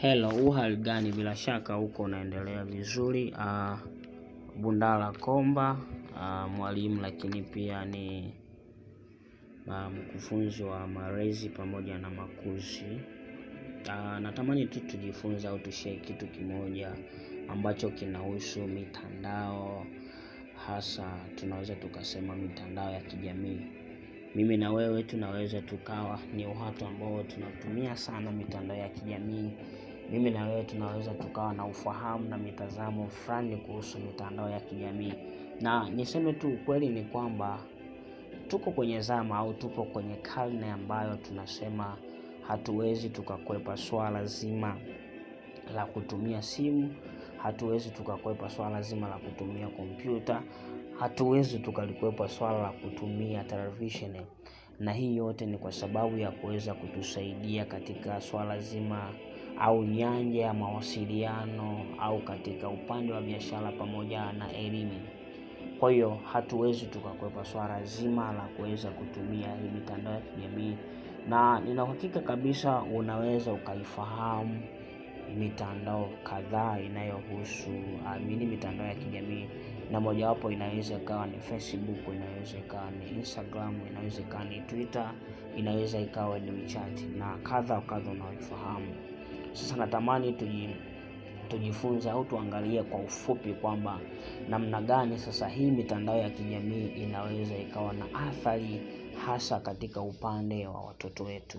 Hello, uhali gani? Bila shaka huko unaendelea vizuri. Uh, Bundala Komba uh, mwalimu lakini pia ni uh, mkufunzi wa malezi pamoja na makuzi. Uh, natamani tu tujifunze au tushee kitu kimoja ambacho kinahusu mitandao, hasa tunaweza tukasema mitandao ya kijamii. Mimi na wewe tunaweza tukawa ni watu ambao tunatumia sana mitandao ya kijamii mimi na wewe tunaweza tukawa na ufahamu na mitazamo fulani kuhusu mitandao ya kijamii. Na niseme tu ukweli ni kwamba tuko kwenye zama au tupo kwenye karne ambayo tunasema hatuwezi tukakwepa swala zima la kutumia simu, hatuwezi tukakwepa swala zima la kutumia kompyuta, hatuwezi tukalikwepa swala la kutumia televisheni, na hii yote ni kwa sababu ya kuweza kutusaidia katika swala zima au nyanja ya mawasiliano au katika upande wa biashara pamoja na elimu. Kwa hiyo hatuwezi tukakwepa swala zima la kuweza kutumia hii mitandao ya kijamii, na nina uhakika kabisa unaweza ukaifahamu mitandao kadhaa inayohusu amini mitandao ya kijamii na mojawapo inaweza ikawa ni Facebook, inaweza ikawa ni Instagram, inaweza ikawa ni Twitter, inaweza ikawa ni WeChat na kadha kadha unaoifahamu. Sasa natamani tuji tujifunze au tuangalie kwa ufupi kwamba namna gani sasa hii mitandao ya kijamii inaweza ikawa na athari hasa katika upande wa watoto wetu,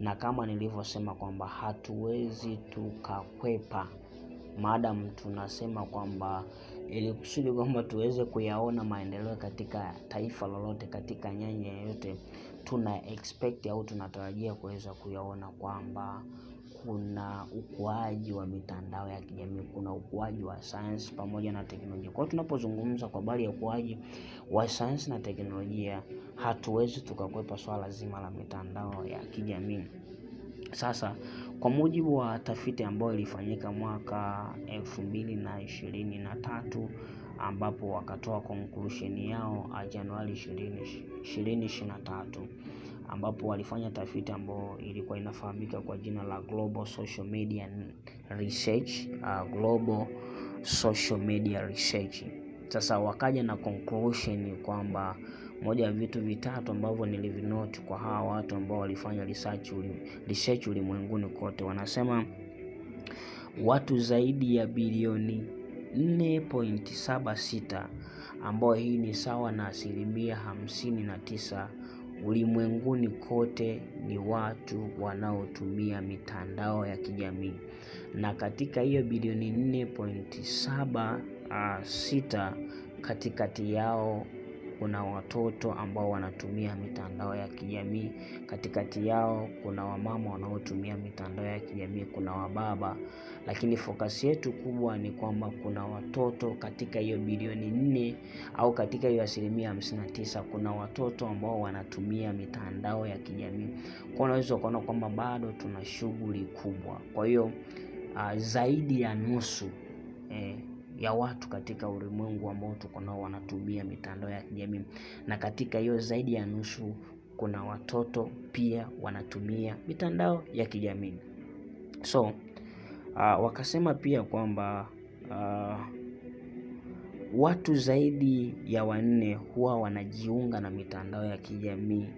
na kama nilivyosema kwamba hatuwezi tukakwepa madam tunasema kwamba ili kusudi kwamba tuweze kuyaona maendeleo katika taifa lolote, katika nyanja yoyote, tuna expect au tunatarajia kuweza kuyaona kwamba kuna ukuaji wa mitandao ya kijamii, kuna ukuaji wa sayansi pamoja na teknolojia. Kwa hiyo tunapozungumza kwa habari ya ukuaji wa sayansi na teknolojia, hatuwezi tukakwepa swala zima la mitandao ya kijamii. Sasa kwa mujibu wa tafiti ambayo ilifanyika mwaka elfu mbili na ishirini na tatu ambapo wakatoa conclusion yao Januari ishirini ishirini na tatu ambapo walifanya tafiti ambayo ilikuwa inafahamika kwa jina la Global Social Media Research, uh, Global Social Media Research. Sasa wakaja na conclusion kwamba moja ya vitu vitatu ambavyo nilivinoti kwa hawa watu ambao walifanya research uli, research ulimwenguni kote, wanasema watu zaidi ya bilioni 4.76 ambao hii ni sawa na asilimia hamsini na tisa ulimwenguni kote ni watu wanaotumia mitandao ya kijamii, na katika hiyo bilioni 4.76 ah, katikati yao kuna watoto ambao wanatumia mitandao ya kijamii, katikati yao kuna wamama wanaotumia mitandao ya kijamii, kuna wababa, lakini fokasi yetu kubwa ni kwamba kuna watoto katika hiyo bilioni nne au katika hiyo asilimia hamsini na tisa kuna watoto ambao wanatumia mitandao ya kijamii. Kwa unaweza ukaona kwamba bado tuna shughuli kubwa. Kwa hiyo uh, zaidi ya nusu eh, ya watu katika ulimwengu ambao tuko nao wanatumia mitandao ya kijamii, na katika hiyo zaidi ya nusu kuna watoto pia wanatumia mitandao ya kijamii. So uh, wakasema pia kwamba uh, watu zaidi ya wanne huwa wanajiunga na mitandao ya kijamii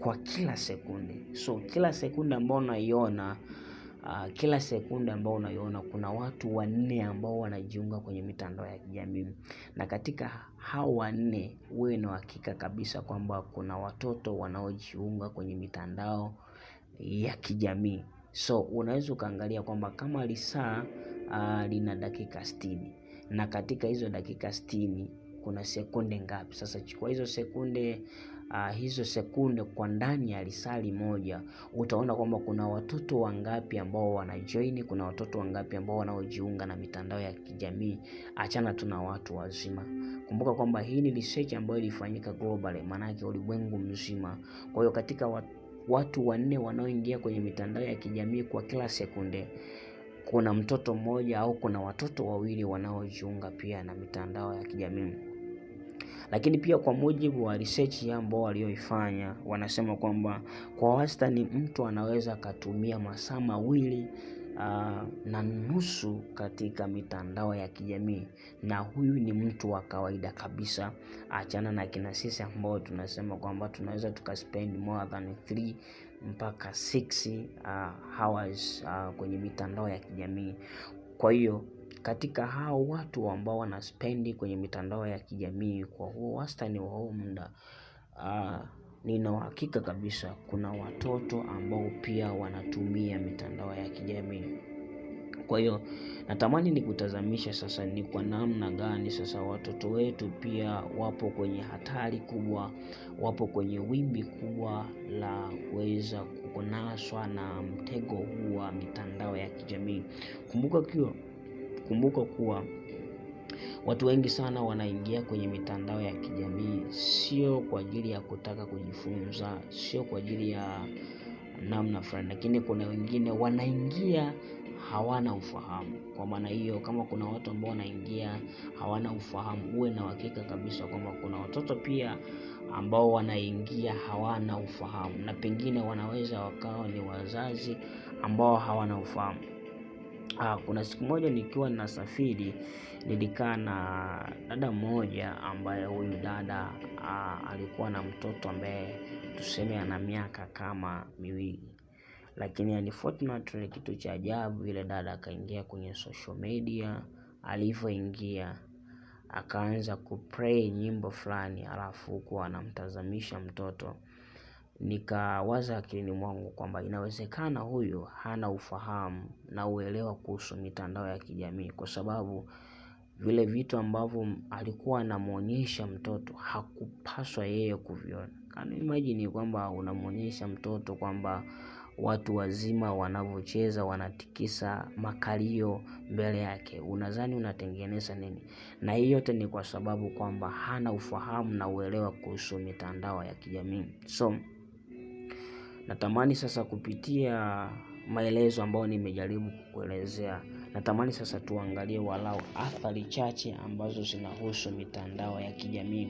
kwa kila sekunde. So kila sekunde ambayo unaiona uh, kila sekunde ambao unaiona kuna watu wanne ambao wanajiunga kwenye mitandao ya kijamii, na katika hao wanne wewe na hakika kabisa kwamba kuna watoto wanaojiunga kwenye mitandao ya kijamii. So unaweza ukaangalia kwamba kama lisaa uh, lina dakika sitini na katika hizo dakika sitini kuna sekunde ngapi? Sasa chukua hizo sekunde uh, hizo sekunde kwa ndani ya risali moja, utaona kwamba kuna watoto wangapi ambao wanajoin, kuna watoto wangapi ambao wanaojiunga na mitandao ya kijamii. Achana tu na watu wazima. Kumbuka kwamba hii ni research ambayo ilifanyika globally, maanake ulimwengu mzima. Kwa hiyo katika wat, watu wanne wanaoingia kwenye mitandao ya kijamii kwa kila sekunde kuna mtoto mmoja au kuna watoto wawili wanaojiunga pia na mitandao ya kijamii. Lakini pia kwa mujibu wa research ambao walioifanya, wanasema kwamba kwa wastani mtu anaweza akatumia masaa mawili Uh, na nusu katika mitandao ya kijamii, na huyu ni mtu wa kawaida kabisa. Achana na kina sisi ambao tunasema kwamba tunaweza tukaspend more than 3 mpaka 6 uh, ah, hours uh, kwenye mitandao ya kijamii. Kwa hiyo katika hao watu ambao wanaspendi kwenye mitandao ya kijamii kwa huo wastani wa huo muda uh, nina uhakika kabisa kuna watoto ambao pia wanatumia mitandao ya kijamii. Kwa hiyo natamani nikutazamisha sasa, ni kwa namna gani sasa watoto wetu pia wapo kwenye hatari kubwa, wapo kwenye wimbi kubwa la kuweza kunaswa na mtego huu wa mitandao ya kijamii. Kumbuka kiwa Kumbuka kuwa watu wengi sana wanaingia kwenye mitandao ya kijamii sio kwa ajili ya kutaka kujifunza, sio kwa ajili ya namna fulani, lakini kuna wengine wanaingia hawana ufahamu. Kwa maana hiyo, kama kuna watu ambao wanaingia hawana ufahamu, uwe na uhakika kabisa kwamba kuna watoto pia ambao wanaingia hawana ufahamu, na pengine wanaweza wakawa ni wazazi ambao hawana ufahamu. Ah, kuna siku moja nikiwa nasafiri nilikaa na dada mmoja ambaye huyu dada ah, alikuwa na mtoto ambaye tuseme ana miaka kama miwili, lakini unfortunately, kitu cha ajabu, ile dada akaingia kwenye social media. Alivyoingia akaanza kupray nyimbo fulani, alafu huku anamtazamisha mtoto nikawaza akilini mwangu kwamba inawezekana huyu hana ufahamu na uelewa kuhusu mitandao ya kijamii, kwa sababu vile vitu ambavyo alikuwa anamwonyesha mtoto hakupaswa yeye kuviona. Kana kwamba unamwonyesha mtoto kwamba watu wazima wanavyocheza wanatikisa makalio mbele yake, unadhani unatengeneza nini? Na hii yote ni kwa sababu kwamba hana ufahamu na uelewa kuhusu mitandao ya kijamii so Natamani sasa kupitia maelezo ambayo nimejaribu kukuelezea, natamani sasa tuangalie walau athari chache ambazo zinahusu mitandao ya kijamii.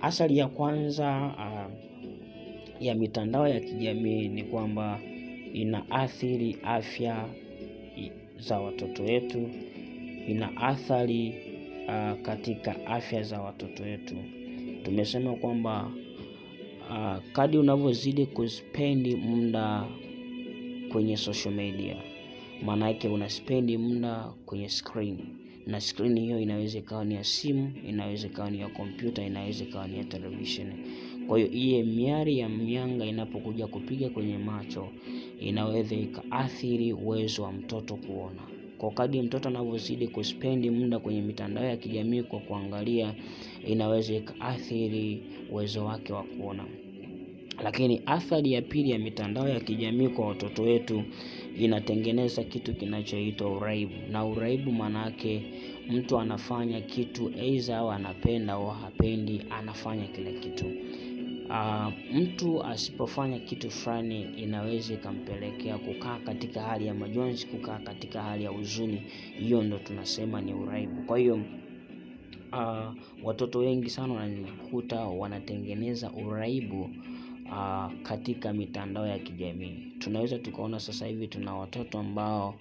Athari ya kwanza uh, ya mitandao ya kijamii ni kwamba inaathiri afya za watoto wetu, ina athari uh, ah, katika afya za watoto wetu. Tumesema kwamba uh, ah, kadi unavyozidi kuspendi muda kwenye social media, maana yake unaspendi muda kwenye screen, na screen hiyo inaweza ikawa ni ya simu, inaweza ikawa ni ya kompyuta, inaweza ikawa ni ya televisheni. Kwa hiyo iye miari ya mianga inapokuja kupiga kwenye macho inaweza ikaathiri uwezo wa mtoto kuona. Kwa kadri mtoto anavyozidi kuspendi muda kwenye mitandao ya kijamii kwa kuangalia, inaweza ikaathiri uwezo wake wa kuona. Lakini athari ya pili ya mitandao ya kijamii kwa watoto wetu inatengeneza kitu kinachoitwa uraibu, na uraibu maana yake mtu anafanya kitu aidha au anapenda au hapendi, anafanya kile kitu. Uh, mtu asipofanya kitu fulani inaweza ikampelekea kukaa katika hali ya majonzi, kukaa katika hali ya huzuni. Hiyo ndo tunasema ni uraibu. Kwa hiyo uh, watoto wengi sana wanakuta wanatengeneza uraibu uh, katika mitandao ya kijamii. Tunaweza tukaona sasa hivi tuna watoto ambao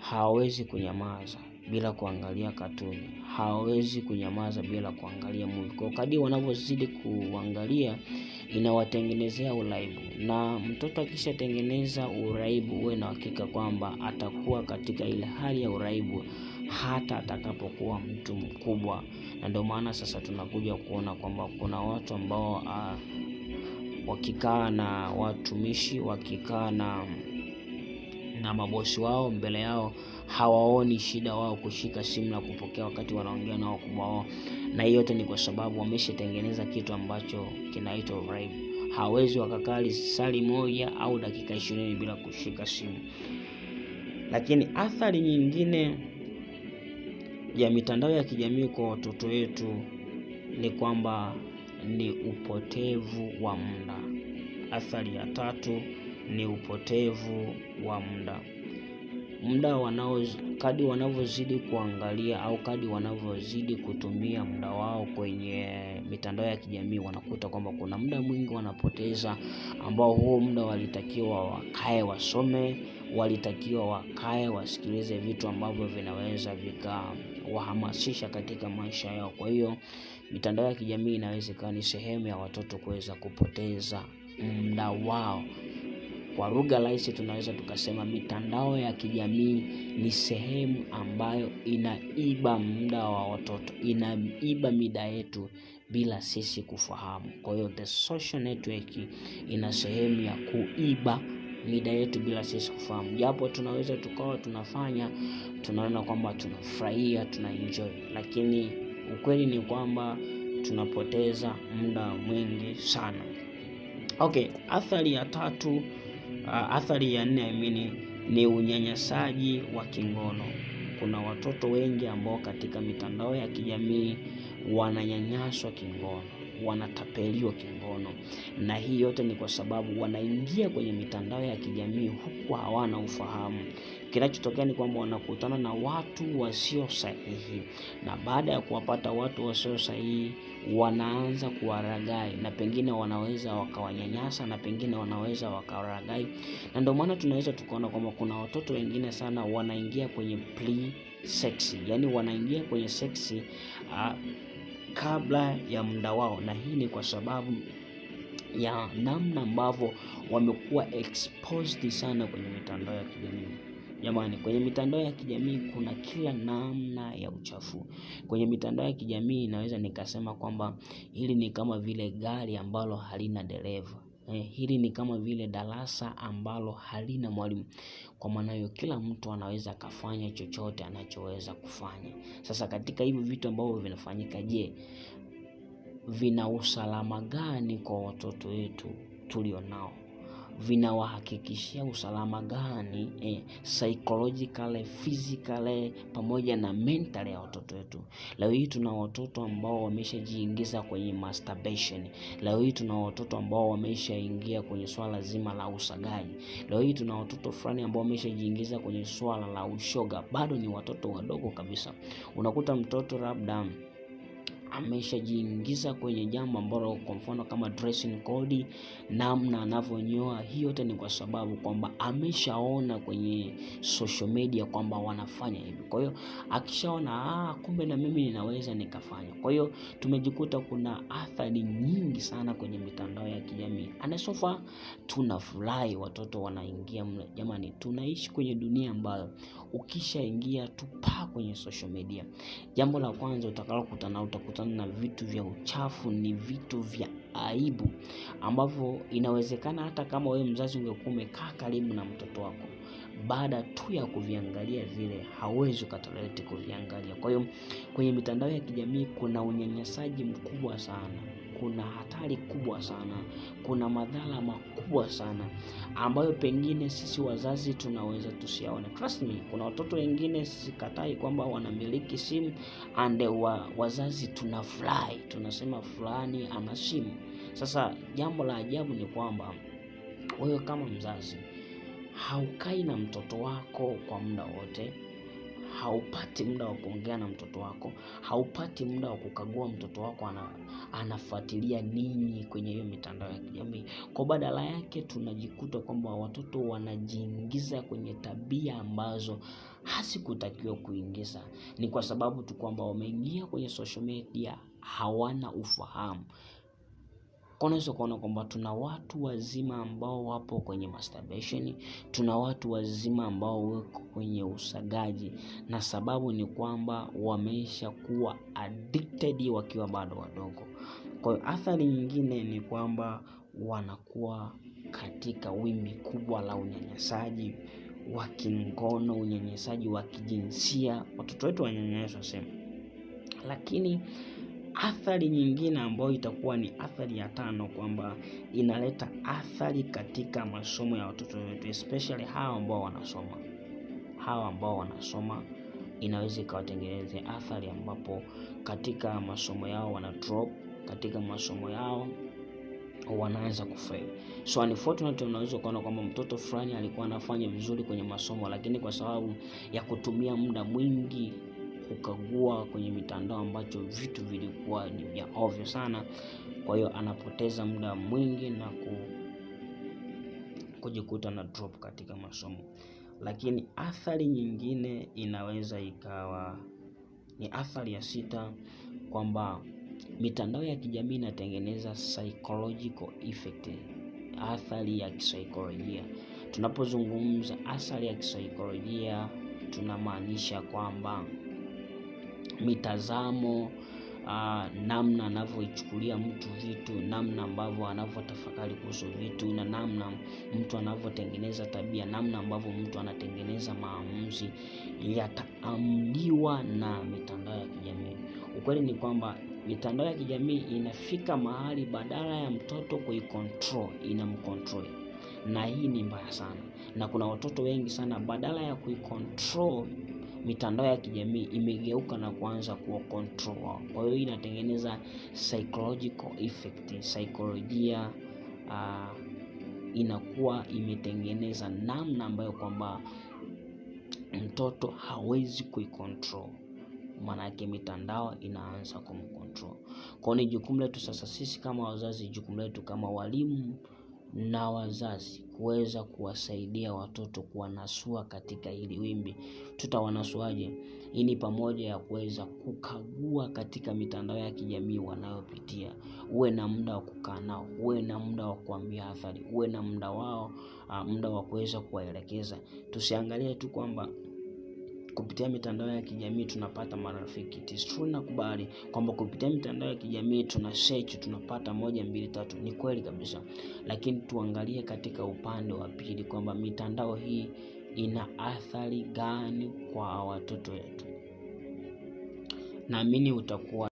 hawawezi kunyamaza bila kuangalia katuni, hawawezi kunyamaza bila kuangalia movie. Kwa kadi wanavyozidi kuangalia, inawatengenezea uraibu, na mtoto akishatengeneza uraibu, uwe na hakika kwamba atakuwa katika ile hali ya uraibu hata atakapokuwa mtu mkubwa. Na ndio maana sasa tunakuja kuona kwamba kuna watu ambao uh, wakikaa na watumishi wakikaa na na mabosi wao mbele yao, hawaoni shida wao kushika simu na kupokea wakati wanaongea na wakubwa wao, na hiyo yote ni kwa sababu wameshatengeneza kitu ambacho kinaitwa vibe. Hawezi wakakali sali moja au dakika ishirini bila kushika simu. Lakini athari nyingine ya mitandao ya kijamii kwa watoto wetu ni kwamba ni upotevu wa muda. Athari ya tatu ni upotevu wa muda. Muda wanao kadi wanavyozidi kuangalia au kadi wanavyozidi kutumia muda wao kwenye mitandao ya kijamii, wanakuta kwamba kuna muda mwingi wanapoteza, ambao huo muda walitakiwa wakae wasome, walitakiwa wakae wasikilize vitu ambavyo vinaweza vikawahamasisha katika maisha yao. Kwa hiyo mitandao ya kijamii inaweza ikawa ni sehemu ya watoto kuweza kupoteza muda wao kwa lugha rahisi, tunaweza tukasema mitandao ya kijamii ni sehemu ambayo inaiba muda wa watoto, inaiba mida yetu bila sisi kufahamu. Kwa hiyo the social network ina sehemu ya kuiba mida yetu bila sisi kufahamu, japo tunaweza tukawa tunafanya tunaona kwamba tunafurahia tunaenjoy, lakini ukweli ni kwamba tunapoteza muda mwingi sana. Okay, athari ya tatu athari ya nne amini ni unyanyasaji wa kingono. Kuna watoto wengi ambao katika mitandao ya kijamii wananyanyaswa kingono wanatapeliwa kingono, na hii yote ni kwa sababu wanaingia kwenye mitandao ya kijamii huku hawana ufahamu. Kinachotokea ni kwamba wanakutana na watu wasio sahihi, na baada ya kuwapata watu wasio sahihi wanaanza kuwaragai na pengine wanaweza wakawanyanyasa na pengine wanaweza wakawaragai, na ndio maana tunaweza tukaona kwamba kuna watoto wengine sana wanaingia kwenye pre sexy, yani wanaingia kwenye sexy uh, ah, kabla ya muda wao, na hii ni kwa sababu ya namna ambavyo wamekuwa exposed sana kwenye mitandao ya kijamii. Jamani, kwenye mitandao ya kijamii kuna kila namna ya uchafu. Kwenye mitandao ya kijamii naweza nikasema kwamba hili ni kama vile gari ambalo halina dereva. Eh, hili ni kama vile darasa ambalo halina mwalimu. Kwa maana hiyo, kila mtu anaweza akafanya chochote anachoweza kufanya. Sasa katika hivi vitu ambavyo vinafanyika, je, vina usalama gani kwa watoto wetu tulionao? vinawahakikishia usalama gani eh, psychological, physical pamoja na mental ya watoto wetu. Leo hii tuna watoto ambao wameshajiingiza kwenye masturbation. Leo hii tuna watoto ambao wameshaingia kwenye swala zima la usagaji. Leo hii tuna watoto fulani ambao wameshajiingiza kwenye swala la ushoga, bado ni watoto wadogo kabisa. Unakuta mtoto labda ameshajiingiza kwenye jambo ambalo kwa mfano kama dressing code, namna anavyonyoa, hiyo yote ni kwa sababu kwamba ameshaona kwenye social media kwamba wanafanya hivi. Kwa hiyo akishaona ah, kumbe na mimi ninaweza nikafanya. Kwa hiyo tumejikuta kuna athari nyingi sana kwenye mitandao ya kijamii. Anasofa tunafurahi, watoto wanaingia mle. Jamani, tunaishi kwenye dunia ambayo ukishaingia pa kwenye social media, jambo la kwanza utakalokutana utakutana na vitu vya uchafu, ni vitu vya aibu ambavyo inawezekana hata kama wewe mzazi ungekuwa umekaa karibu na mtoto wako, baada tu ya kuviangalia vile hauwezi ukatolereti kuviangalia. Kwa hiyo kwenye mitandao ya kijamii kuna unyanyasaji mkubwa sana kuna hatari kubwa sana, kuna madhara makubwa sana ambayo pengine sisi wazazi tunaweza tusiaone. Trust me, kuna watoto wengine sikatai kwamba wanamiliki simu and wa, wazazi fly, tunasema fulani ana simu. Sasa jambo la ajabu ni kwamba wewe kama mzazi haukai na mtoto wako kwa muda wote haupati muda wa kuongea na mtoto wako, haupati muda wa kukagua mtoto wako ana, anafuatilia nini kwenye hiyo mitandao ya kijamii. Kwa badala yake tunajikuta kwamba watoto wanajiingiza kwenye tabia ambazo hasikutakiwa kuingiza. Ni kwa sababu tu kwamba wameingia kwenye social media, hawana ufahamu. Kwa unaweza kuona kwamba tuna watu wazima ambao wapo kwenye masturbation, tuna watu wazima ambao wako kwenye usagaji, na sababu ni kwamba wameisha kuwa addicted wakiwa bado wadogo. Kwa hiyo athari nyingine ni kwamba wanakuwa katika wimbi kubwa la unyanyasaji wa kingono, unyanyasaji wa kijinsia. Watoto wetu wanyanyaswa sehemu, lakini athari nyingine ambayo itakuwa ni athari ya tano, kwamba inaleta athari katika masomo ya watoto wetu, especially hawa ambao wanasoma, hawa ambao wanasoma inaweza ikawatengenezea athari ambapo katika masomo yao wana drop, katika masomo yao wanaanza kufail. So unfortunately, unaweza ukaona kwamba mtoto fulani alikuwa anafanya vizuri kwenye masomo, lakini kwa sababu ya kutumia muda mwingi kukagua kwenye mitandao ambacho vitu vilikuwa ni vya ovyo sana. Kwa hiyo anapoteza muda mwingi na ku, kujikuta na drop katika masomo. Lakini athari nyingine inaweza ikawa ni athari ya sita kwamba mitandao ya kijamii inatengeneza psychological effect, athari ya kisaikolojia. Tunapozungumza athari ya kisaikolojia tunamaanisha kwamba mitazamo uh, namna anavyoichukulia mtu vitu, namna ambavyo anavyotafakari kuhusu vitu, na namna mtu anavyotengeneza tabia, namna ambavyo mtu anatengeneza maamuzi yataamliwa na mitandao ya kijamii. Ukweli ni kwamba mitandao ya kijamii inafika mahali badala ya mtoto kuikontrol inamkontrol, na hii ni mbaya sana, na kuna watoto wengi sana badala ya kuikontrol mitandao ya kijamii imegeuka na kuanza kuwa control Kwa hiyo inatengeneza psychological effect, saikolojia uh, ah, inakuwa imetengeneza namna ambayo kwamba mtoto hawezi kuikontrol, maana yake mitandao inaanza kumcontrol. Kwa hiyo ni jukumu letu sasa, sisi kama wazazi, jukumu letu kama walimu na wazazi kuweza kuwasaidia watoto kuwanasua katika hili wimbi. Tutawanasuaje? Hii ni pamoja ya kuweza kukagua katika mitandao ya kijamii wanayopitia. Uwe na muda wa kukaa nao, uwe na muda wa kuambia athari, uwe na muda wao, ah, muda wa kuweza kuwaelekeza. Tusiangalie tu kwamba kupitia mitandao ya kijamii tunapata marafiki. It is true, nakubali kwamba kupitia mitandao ya kijamii tuna search, tunapata moja mbili tatu, ni kweli kabisa, lakini tuangalie katika upande wa pili kwamba mitandao hii ina athari gani kwa watoto wetu. Naamini utakuwa